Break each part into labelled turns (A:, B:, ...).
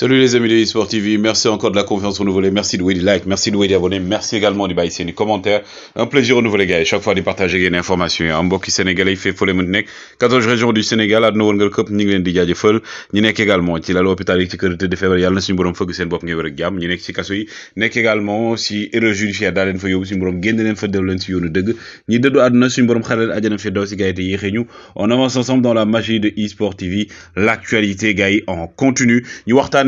A: Salut les amis de eSport TV, merci encore de la confiance renouvelée, merci de vous like, merci de vous abonner, merci également de baisser les commentaires. Un plaisir renouvelé gars, chaque fois de partager une information. Un mbokk sénégalais fait follement mu nek 14 régions du Sénégal à won ngal kep ñi ngi leen di jaajeufal ñi nek également ci a l'hôpital ci kër de février yalla na suñu borom fëgg seen bop ngay wër ak jam ñi nek ci kasso yi nek également ci erreur judiciaire da leen fa yobbu suñu borom genn leen fa deul de ci yoonu deug ñi deddu aduna suñu borom xalal aljana fi daw ci gaay te yexé On avance ensemble dans la magie de eSport TV, l'actualité gars en continu. Ñu waxtaan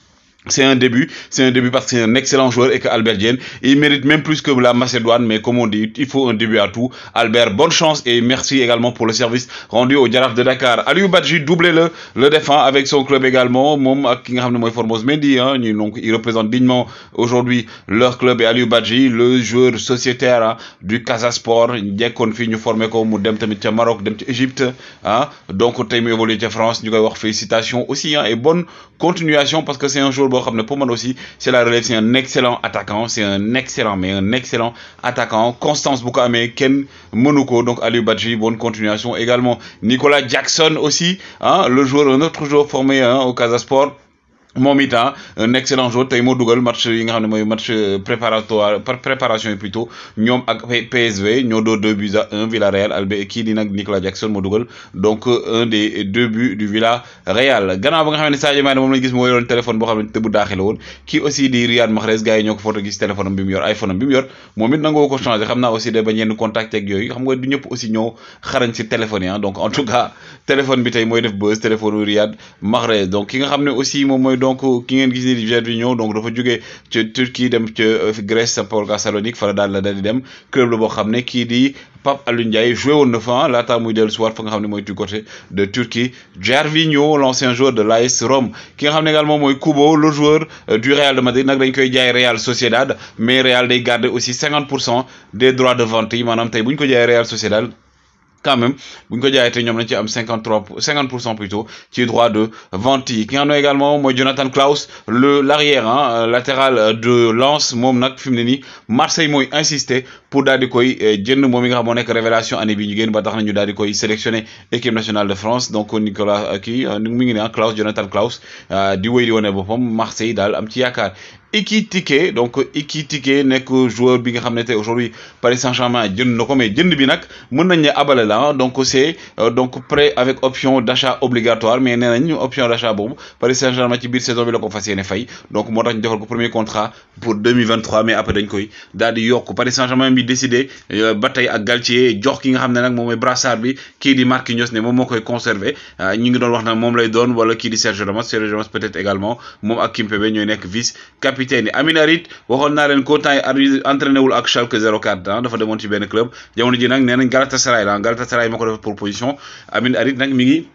A: C'est un début, c'est un début parce que c'est un excellent joueur et que Albert il mérite même plus que la Macédoine, mais comme on dit, il faut un début à tout. Albert, bonne chance et merci également pour le service rendu au Diaraf de Dakar. Aliou Badji, doublez le, le défunt avec son club également. Mom Kingham Formos donc il représente dignement aujourd'hui leur club et Aliou Badji, le joueur sociétaire hein, du Casasport, donc fi ñu formé ko mu Maroc, Égypte, hein, Donc France, nous allons avoir félicitations aussi hein, et bonne continuation parce que c'est un joueur aussi c'est la relève c'est un excellent attaquant c'est un excellent mais un excellent attaquant Constance Boukame Ken Monoko donc Ali Badji bonne continuation également Nicolas Jackson aussi hein, le joueur un autre joueur formé hein, au Casa Sport moom un excellent joueur tey moo dugal match yi nga xam moy match euh, préparatoire par préparation plutôt ñom ak PSV ñoo do deux buts à un Villarreal albe kii di nak Nicolas Jackson mo dugal donc euh, un des deux buts du Villarreal Gana ba nga xam Sadio Mane mom lañu gis mo yoroon téléphone bo xam ne tëbu daaxi la aussi di Riyad Mahrez gars yi ñoo foto gis téléphone bi mu yor iPhone bi mu yor momit nango ko changer xamna aussi da ba ñenn contact ak yooyu xam nga du ñëpp aussi ñoo xarañ ci téléphone hein donc en tout cas téléphone bi tay moy def buzz téléphone Riyad Mahrez donc ki nga xam aussi mom mooy donc ki ngeen gis ni dit Gervinho donc dafa faut que Turquie dem Turquie, euh, Grèce port Salonique fara daal la daal di dem club la boo xam ne kii di Pape Alioune Ndiaye joué woon na fa laata muy dellu si waat fa nga xam ne du côté de Turquie Gervinho l'ancien joueur de l'AS Rome ki nga xam également mooy Kubo le joueur euh, du Real de Madrid nag dañ koy jaay Real Sociedad mais Real day garder aussi 50 des droits de vente yi maanaam tey bu ñu ko jaayee Real Sociedad quand même buñ ko jaayee té ñom nañ ci am 53 50% plutôt ci droit de vente qui ki également Jonathan Klaus le l'arrière hein, euh, latéral de Lance mom nak fi ni Marseille moy insister pour daal di koy euh, jënd mom nga xam révélation année bi ñu gën ba tax na ñu koy sélectionné équipe nationale de France donc Nicolas qui euh, mi ngi hein, Klaus Jonathan Klaus di wéy di wane Marseille dal am ci yakar Ekitike donc Ekitike nekk n'est que joueur xam ne aujourd'hui Paris Saint-Germain jënd na mais jënd bi nag mën nañ ne donc c'est euh, donc prêt avec option d'achat obligatoire mais nee nañ option d'achat bon. Paris Saint-Germain qui biir saison bi la ko donc moo tax ñu defal premier contrat pour 2023 mais après dañ koy daal di York. Paris Saint-Germain bi décidé euh, ba tey ak Galtier jox ki nga xam ne nag brassard bi kii di Marquinhos ne a moo conservé. conserver euh, ñi ngi doon wax nag moom lay doon wala kii Serge Sergio Ramos Sergio Ramos peut-être également moom ak Kimpembe ñooy nekk vice capitaine capitaine yi Amina Reed waxoon naa leen ko temps yi entraîné wul ak Schalke 04 ah dafa demoon ci benn club jamono ji nak nee Galatasaray la Galatasaray moo ko def proposition Amina Reed nag mi ngi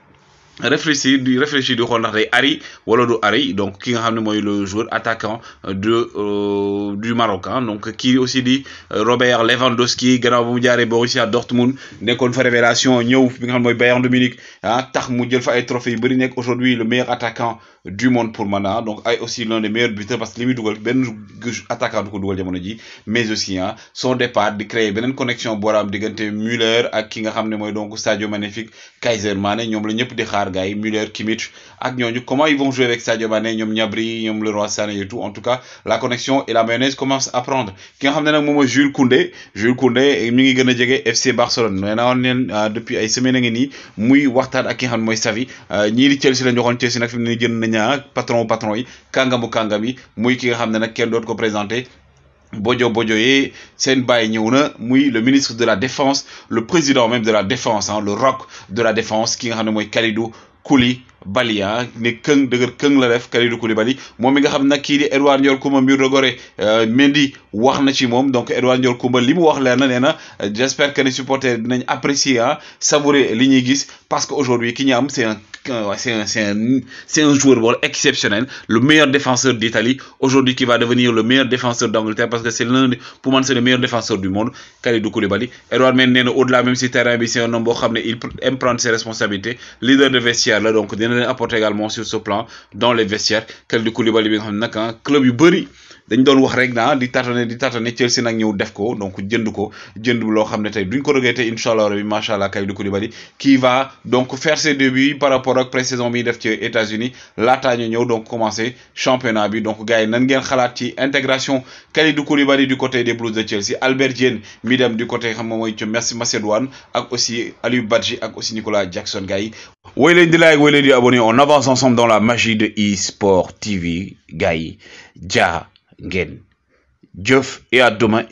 A: réfléchir du réfléchir du xool ndax day ari wala du ari donc ki nga xam moy le joueur attaquant de euh, du Maroc ah, donc qui aussi dit euh, Robert Lewandowski gënaw bu mu Borussia Dortmund nekkoon fa révélation ñëw bi nga xam moy Bayern de Munich ah tax mu jël fa ay trophées bari bëri aujourd'hui le meilleur attaquant du monde pour Mana donc ay aussi l'un des meilleurs buteurs parce que lui muy ben attaquant du jamono mais aussi hein son départ de créer une connexion booraam Muller, Müller ak ki nga donc Sadio Magnifique, Magnifique, Kaiser Mane, ñoom la ñëpp di xaar Müller Kimmich comment ils vont jouer avec stade Mané ñoom Gnabry le roi Sané et tout en tout cas la connexion et la mayonnaise commence à prendre ki nga xam Jules Koundé Jules Koundé et ngi y a FC Barcelone nee naa euh, depuis ay semaines a ngi muy waxtaan ak ki nga xam ne mooy Xavi euh, ñii di la ñu waxoon Chelsea fi mu patron patron yi kangami, kàngam ki nga xamné nak nag kenn ko présenter bojo bojo yee sen bay ñewna muy le ministre de la défense le président même de la défense hein, le roc de la défense ki nga xam ne mooy Bali, Koulibaly hein, ne këng deuguer këng la def Kalidou Koulibaly Bali, mi nga xamné nag kii di Edouard Ndiol Koumba Mur de Gorée euh, Mendy wax na ci mom donc Edouard Ndiol Koumba limu wax lér na néna j'espère que les supporters dinañ apprécier hein, savourer li gis parce que aujourd'hui ki ñu am c'est un c'est un, un, un, joueur exceptionnel, le meilleur défenseur d'Italie, aujourd'hui qui va devenir le meilleur défenseur d'Angleterre parce que c'est l'un, pour moi, c'est le meilleur défenseur du monde, Kalidou Koulibaly. Edouard au-delà, même si terrain, c'est un homme il aime prendre ses responsabilités, leader de vestiaire, donc, il apporte également sur ce plan dans les vestiaires. Kalidou Koulibaly, hein, club du dañ doon wax rek na di tâtonner di tâtonner Chelsea nag ñëw def ko donc jënd ko jënd loo xam ne tey duñ ko regretter incha allah rabi macha allah Kalidou qui va donc faire ses débuts par rapport ak pré-saison bi def ci États-Unis laataa ñu ñëw donc commencer championnat bi donc gars yi nan ngeen xalaat ci intégration Kalidou du côté des Blues de Chelsea Albert jen mi du côté xam nga ci merci Macédoine ak aussi Aliou Badji ak aussi Nicolas Jackson gars yi. woy leen di like woy leen di abonné on avance ensemble dans la magie de eSport TV gars yi ja. ngeen jëf et à demain